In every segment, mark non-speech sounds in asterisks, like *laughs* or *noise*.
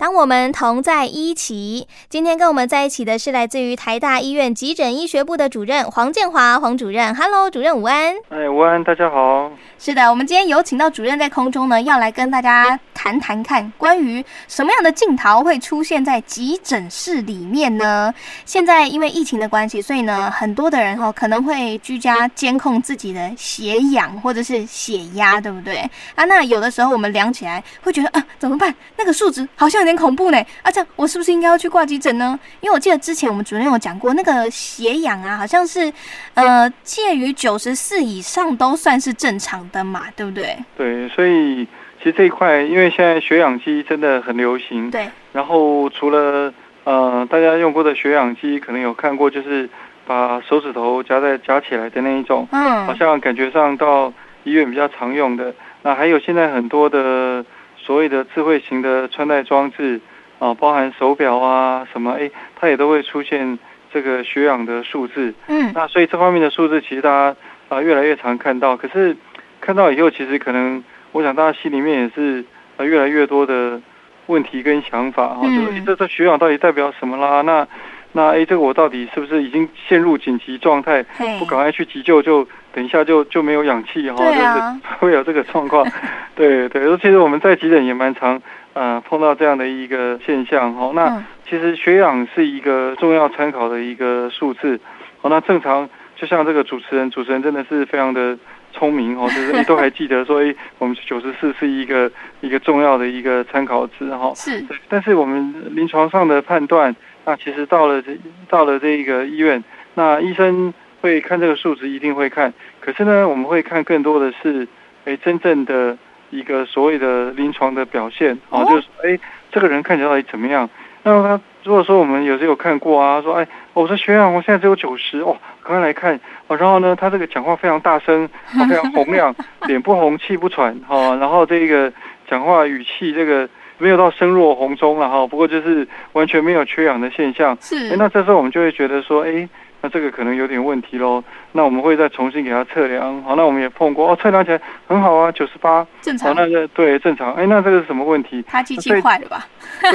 當我們同在一起，今天跟我們在一起的是來自於台大醫院急診醫學部的主任黃建華，黃主任，Hello，主任午安。哎，午安，大家好。是的，我們今天有請到主任在空中呢，要來跟大家談談看，關於什麼樣的症頭會出現在急診室裡面呢？現在因為疫情的關係，所以呢，很多的人哈、哦、可能會居家監控自己的血氧或者是血壓，對不對？啊，那有的時候我們量起來會覺得，啊，怎麼辦？那個數值好像。很恐怖呢？啊，這樣我是不是應該要去掛急診呢？因為我記得之前我們主任有講過，那個血氧啊，好像是呃，介於九十四以上都算是正常的嘛，對不對？對，所以其實這一塊，因為現在血氧機真的很流行。對，然後除了呃，大家用過的血氧機，可能有看過，就是把手指頭夾在夾起來的那一種，嗯，好像感覺上到醫院比較常用的。那還有現在很多的。所謂的智慧型的穿戴裝置啊，包含手錶啊什麼，哎、欸，它也都會出現這個血氧的數字。嗯，那所以這方面的數字其實大家啊越來越常看到。可是看到以後，其實可能我想大家心裡面也是啊越來越多的問題跟想法啊，嗯，就是欸、這這血氧到底代表什麼啦？那。那哎，這個我到底是不是已經陷入緊急狀態？Hey. 不趕快去急救就，就等一下就就沒有氧氣哈，啊、就是會有這個狀況。對 *laughs* 對，尤其是我們在急診也蠻常，呃，碰到這樣的一個現象哈、哦。那、嗯、其實血氧是一個重要參考的一個數字。哦，那正常就像這個主持人，主持人真的是非常的聰明哦，就是你都還記得說，哎， *laughs* 我們是九十四是一個一個重要的一個參考值哈。哦、是對。但是我們臨床上的判斷。那其實到了這，到了這一個醫院，那醫生會看這個數值，一定會看。可是呢，我們會看更多的是，哎，真正的一個所謂的臨床的表現啊、哦，就是哎，這個人看起來到底怎麼樣？那麼他如果說我們有時候有看過啊，說哎，我說血氧，我現在只有九十哦，趕快來看哦。然後呢，他這個講話非常大聲，非常洪亮， *laughs* 臉不紅，氣不喘啊、哦。然後這個講話語氣這個。沒有到聲若洪鐘了、啊、哈，不過就是完全沒有缺氧的現象。是，那這時候我們就會覺得說，哎，那這個可能有點問題嘍。那我們會再重新給它測量。好，那我們也碰過哦，測量起來很好啊，九十八，正常。哦、那個對，正常。哎，那這個是什麼問題？它機器壞了吧？啊、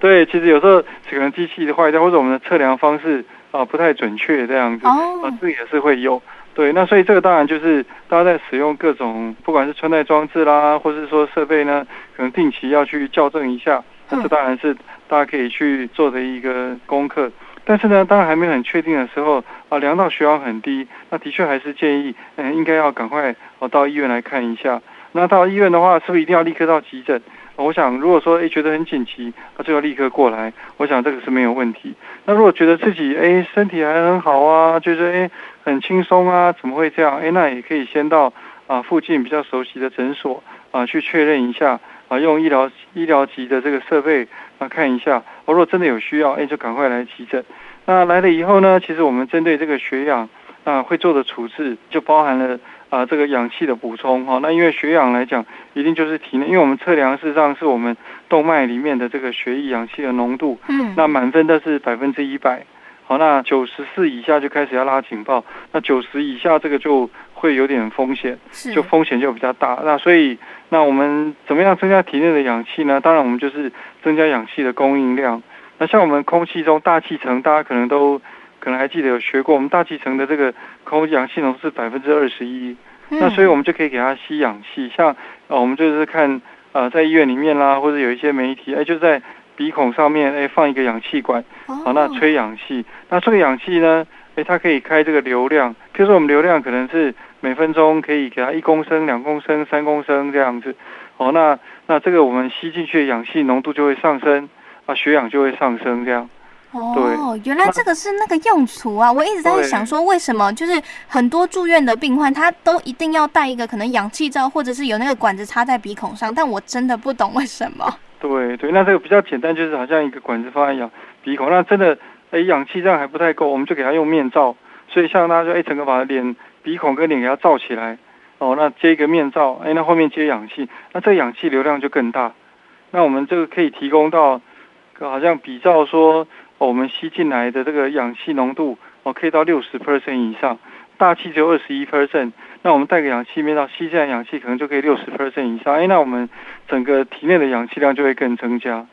對對，其實有時候可能機器的壞掉，或者我們的測量方式啊、呃、不太準確這樣子，哦，啊、這個、也是會有。對，那所以這個當然就是大家在使用各種不管是穿戴裝置啦，或是說設備呢，可能定期要去校正一下，那這當然是大家可以去做的一個功課。但是呢，當然還沒很確定的時候啊，量到血壓很低，那的確還是建議嗯應該要趕快到醫院來看一下。那到醫院的話，是不是一定要立刻到急診？我想，如果說哎覺得很緊急，那就要立刻過來。我想這個是沒有問題。那如果覺得自己哎身體還很好啊，就是哎很輕鬆啊，怎麼會這樣？哎，那也可以先到啊附近比較熟悉的診所啊去確認一下啊，用醫療醫療級的這個設備啊看一下。我如果真的有需要，就趕快來急診。那來了以後呢，其實我們針對這個血氧，啊會做的處置就包含了。啊，這個氧氣的補充哈、哦，那因為血氧來講，一定就是體內，因為我們測量事實上是我們動脈裡面的這個血液氧氣的濃度。嗯。那滿分的是百分之一百，好，那九十四以下就開始要拉警報，那九十以下這個就會有點風險，就風險就比較大。是那所以，那我們怎麼樣增加體內的氧氣呢？當然，我們就是增加氧氣的供應量。那像我們空氣中大氣層，大家可能都。可能還記得有學過，我們大氣層的這個空氣氧氣濃度是百分之二十一，那所以我們就可以給它吸氧氣。像啊、呃，我們就是看啊、呃，在醫院裡面啦，或者有一些媒體，哎，就在鼻孔上面，哎，放一個氧氣管，好、哦，那吹氧氣。那這個氧氣呢，哎，它可以開這個流量，譬如說我們流量可能是每分鐘可以給它一公升、兩公升、三公升這樣子。好、哦，那那這個我們吸進去的氧氣濃度就會上升，啊，血氧就會上升這樣。哦，對原來這個是那個用途啊！那我一直在想說，為什麼就是很多住院的病患他都一定要帶一個可能氧氣罩，或者是有那個管子插在鼻孔上，但我真的不懂為什麼。對對，那這個比較簡單，就是好像一個管子放在鼻孔，那真的哎氧氣這樣還不太夠，我們就給他用面罩。所以像大家就哎，整個把臉、鼻孔跟臉給他罩起來，哦，那接一個面罩，哎，那後面接氧氣，那這個氧氣流量就更大。那我們這個可以提供到，好像比照說。哦、我們吸進來的這個氧氣濃度，我、哦、可以到六十 percent 以上，大氣只有二十一 percent，那我們帶個氧氣面罩吸進來氧氣，可能就可以六十 percent 以上，哎，那我們整個體內的氧氣量就會更增加。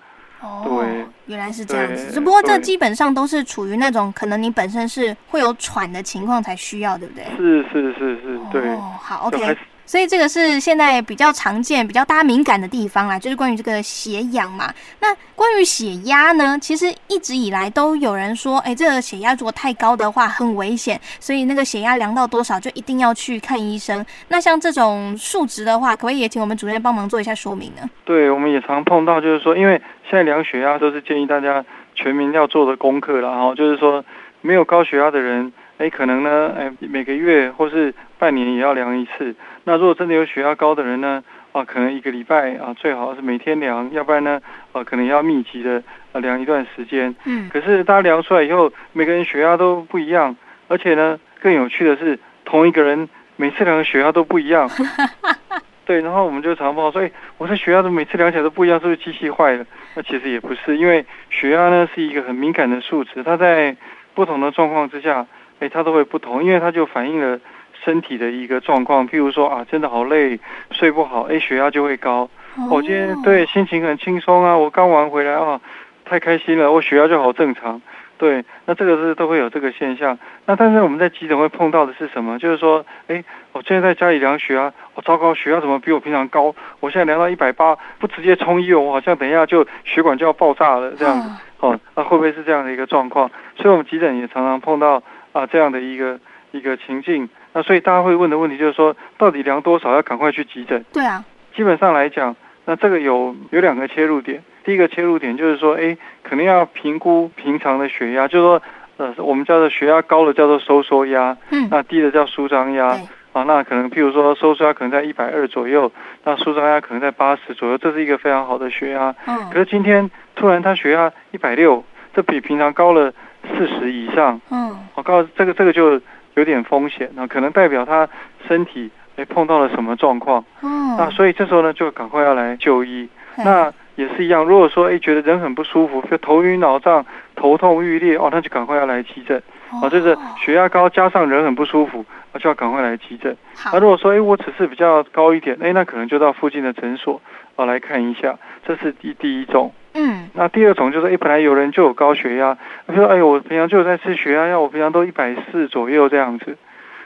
哦，對原來是這樣子，只對不過這基本上都是處於那種可能你本身是會有喘的情況才需要，對不對？是是是是，對。哦，好，OK。所以這個是現在比較常見、比較大家敏感的地方啦，就是關於這個血氧嘛。那關於血壓呢？其實一直以來都有人說，哎、欸，這個血壓如果太高的話很危險，所以那個血壓量，量到多少就一定要去看醫生。那像這種數值的話，可不可以也請我們主任幫忙做一下說明呢？對，我們也常碰到，就是說，因為現在量血壓都是建議大家全民要做的功課啦。然後就是說，沒有高血壓的人。哎，可能呢，哎，每個月或是半年也要量一次。那如果真的有血壓高的人呢，啊、呃，可能一個禮拜啊、呃，最好是每天量，要不然呢，啊、呃，可能要密集的啊、呃、量一段時間。嗯。可是大家量出來以後，每個人血壓都不一樣，而且呢，更有趣的是，同一個人每次量的血壓都不一樣。哈哈哈！對，然後我們就常問，所以我說血壓怎麼每次量起來都不一樣？是不是機器壞了？那其實也不是，因為血壓呢是一個很敏感的數值，它在不同的狀況之下。哎，它都會不同，因為它就反映了身體的一個狀況。譬如說啊，真的好累，睡不好，哎，血壓就會高。我、oh. 哦、今天對心情很輕鬆啊，我剛玩回來啊、哦，太開心了，我血壓就好正常。對，那這個是都會有這個現象。那但是我們在急診會碰到的是什麼？就是說，哎，我現在在家裡量血壓，我、哦、糟糕，血壓怎麼比我平常高？我現在量到一百八，不直接衝醫院、哦，我好像等一下就血管就要爆炸了這樣子。Oh. 哦，那、啊、會不會是這樣的一個狀況？所以我們急診也常常碰到。啊，這樣的一個一個情境，那所以大家會問的問題就是說，到底量多少要趕快去急診？對啊，基本上來講，那這個有有兩個切入點。第一個切入點就是說，哎，肯定要評估平常的血壓，就是說，呃，我們叫做血壓高的叫做收縮壓，嗯，那低的叫舒張壓，對啊，那可能譬如說收縮壓可能在一百二左右，那舒張壓可能在八十左右，這是一個非常好的血壓。嗯，可是今天突然他血壓一百六，這比平常高了。四十以上，嗯，我告訴這個這個就有點風險，那、啊、可能代表他身體哎碰到了什麼狀況，嗯，那、啊、所以這時候呢就趕快要來就醫。嗯、那也是一樣，如果說哎覺得人很不舒服，就頭暈腦脹、頭痛欲裂，哦，那就趕快要來急診。哦、啊，就是血壓高加上人很不舒服，啊、就要趕快來急診。好，那、啊、如果說哎我只是比較高一點，哎，那可能就到附近的診所啊來看一下。這是第第一種。嗯，那第二種就是，誒，本來有人就有高血壓，他說，哎呦，我平常就有在吃血壓藥，我平常都一百四左右這樣子，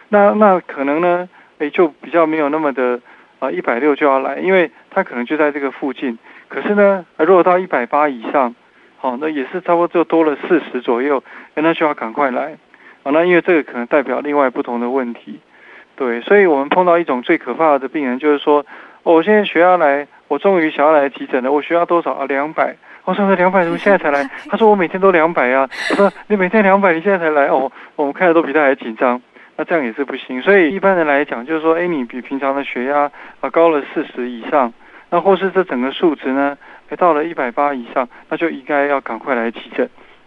那那可能呢，誒就比較沒有那麼的，啊、呃，一百六就要來，因為他可能就在這個附近。可是呢，呃、如果到一百八以上，好、哦，那也是差不多就多了四十左右、嗯，那就要趕快來，啊、哦，那因為這個可能代表另外不同的問題，對，所以我們碰到一種最可怕的病人，就是說，哦、我現在血壓來。我終於想要來急診了，我血壓多少啊？兩百。我、哦、說：兩百，兩百，怎麼現在才來？ *laughs* 他說：我每天都兩百呀。我說：你每天兩百，你現在才來哦？我們看來都比他還緊張，那這樣也是不行。所以一般人來講，就是說，誒，你比平常的血壓啊、呃、高了四十以上，那或是這整個數值呢，哎，到了一百八以上，那就應該要趕快來急診。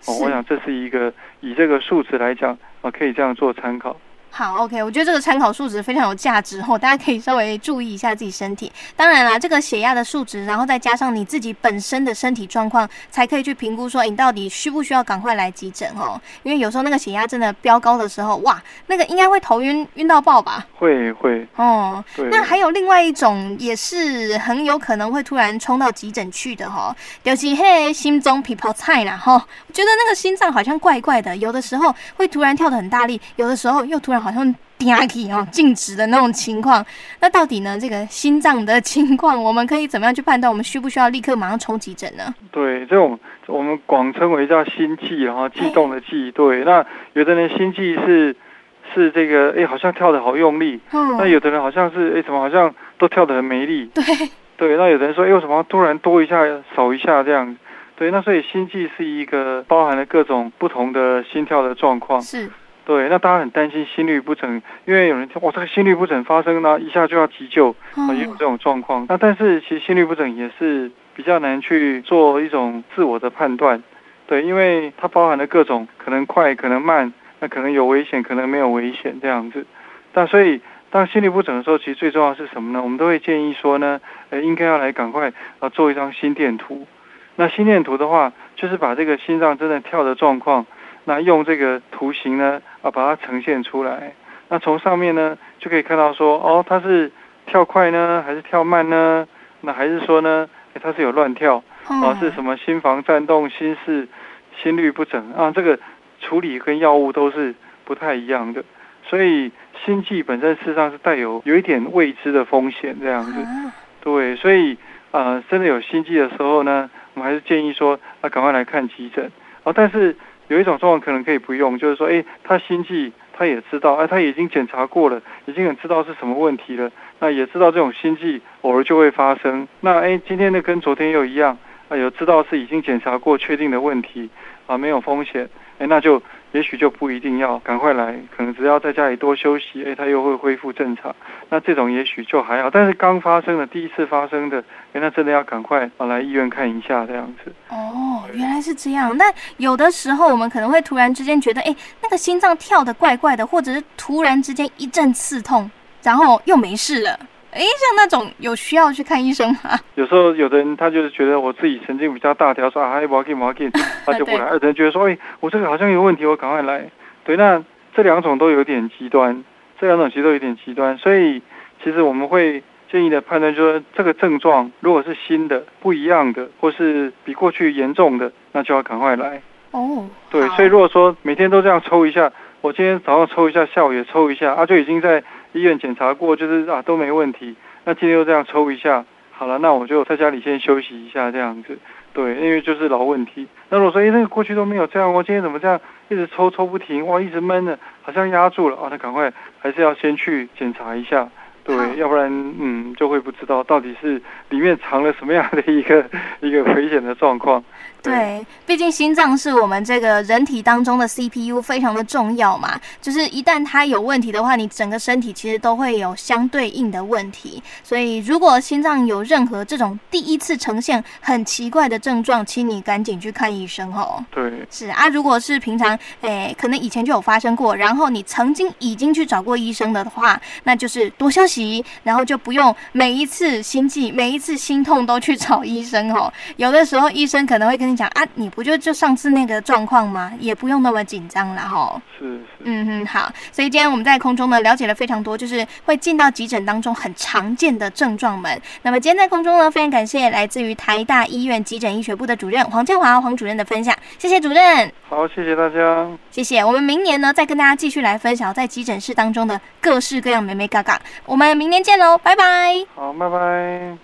哦，我想這是一個以這個數值來講啊、呃，可以這樣做參考。好，OK，我覺得這個參考數值非常有價值哦，大家可以稍微注意一下自己身體。當然啦，這個血壓的數值，然後再加上你自己本身的身體狀況，才可以去評估說你到底需不需要趕快來急診哦。因為有時候那個血壓真的飆高的時候，哇，那個應該會頭暈，暈到爆吧？會會哦，對。那還有另外一種也是很有可能會突然衝到急診去的哈、哦，就是嘿心中皮泡菜啦哈，哦、我覺得那個心臟好像怪怪的，有的時候會突然跳得很大力，有的時候又突然。好像停啊、哦，靜止的那種情況。那到底呢？這個心臟的情況，我們可以怎麼樣去判斷？我們需不需要立刻馬上衝急診呢？對，這種我們廣稱為叫心悸、哦，然後悸動的悸。欸、對，那有的人心悸是是這個，哎，好像跳得好用力。嗯。那有的人好像是哎，怎麼好像都跳得很沒力？對。對，那有的人說，哎，為什麼突然多一下少一下這樣？對，那所以心悸是一個包含了各種不同的心跳的狀況。是。對，那大家很擔心心律不整，因為有人聽，哇，這個心律不整發生呢，一下就要急救，也有這種狀況。Oh. 那但是其實心律不整也是比較難去做一種自我的判斷，對，因為它包含了各種可能快、可能慢，那可能有危險、可能沒有危險這樣子。但所以當心律不整的時候，其實最重要的是什麼呢？我們都會建議說呢，呃，應該要來趕快啊做一張心電圖。那心電圖的話，就是把這個心臟正在跳的狀況。那用這個圖形呢啊，把它呈現出來。那從上面呢就可以看到說，哦，它是跳快呢，還是跳慢呢？那還是說呢，它是有亂跳啊？是什麼心房顫動、心室、心律不整啊？這個處理跟藥物都是不太一樣的。所以心悸本身事實上是帶有有一點未知的風險這樣子。對，所以啊、呃，真的有心悸的時候呢，我們還是建議說，啊，趕快來看急診哦。但是有一種狀況可能可以不用，就是說，哎，他心悸，他也知道，哎、啊，他已經檢查過了，已經很知道是什麼問題了，那也知道這種心悸偶爾就會發生，那哎，今天的跟昨天又一樣，啊，有知道是已經檢查過確定的問題，啊，沒有風險，哎，那就。也許就不一定要趕快來，可能只要在家裡多休息，哎、欸，他又會恢復正常。那這種也許就還好，但是剛發生的、第一次發生的，哎、欸，那真的要趕快、啊、來醫院看一下這樣子。哦，對原來是這樣。那有的時候我們可能會突然之間覺得，哎、欸，那個心臟跳得怪怪的，或者是突然之間一陣刺痛，然後又沒事了。哎，像那種有需要去看醫生嗎？有時候有的人他就是覺得我自己神經比較大條，要說啊有毛病毛病，他、啊、就不來，有 *laughs* 對人覺得說，哎，我這個好像有問題，我趕快來。對，那這兩種都有點極端，這兩種其實都有點極端，所以其實我們會建議的判斷就是，這個症狀如果是新的、不一樣的，或是比過去嚴重的，那就要趕快來。哦，oh, 對，好所以如果說每天都這樣抽一下，我今天早上抽一下，下午也抽一下，啊就已經在。醫院檢查過，就是啊都沒問題。那今天又這樣抽一下，好了，那我就在家裡先休息一下，這樣子。對，因為就是老問題。那如果說，哎、欸，那個過去都沒有這樣，我今天怎麼這樣一直抽抽不停？哇，一直悶呢，好像壓住了啊！那趕快還是要先去檢查一下。對，要不然嗯就會不知道到底是裡面藏了什麼樣的一個一個危險的狀況。對，對，畢竟心臟是我們這個人體當中的 CPU 非常的重要嘛，就是一旦它有問題的話，你整個身體其實都會有相對應的問題。所以如果心臟有任何這種第一次呈現很奇怪的症狀，請你趕緊去看醫生哦。對，是啊，如果是平常哎，可能以前就有發生過，然後你曾經已經去找過醫生的話，那就是多消。然後就不用每一次心悸，每一次心痛都去找醫生哦。有的時候醫生可能會跟你講啊，你不就就上次那個狀況嗎？也不用那麼緊張了哈。哦、是是。嗯哼，好。所以今天我們在空中呢，了解了非常多，就是會進到急診當中很常見的症狀們。那麼今天在空中呢，非常感謝來自於台大醫院急診醫學部的主任黃建華和黃主任的分享，謝謝主任。好，謝謝大家。謝謝。我們明年呢，再跟大家繼續來分享在急診室當中的各式各樣眉眉角角。我們。我們明天見嘍，拜拜。好，拜拜。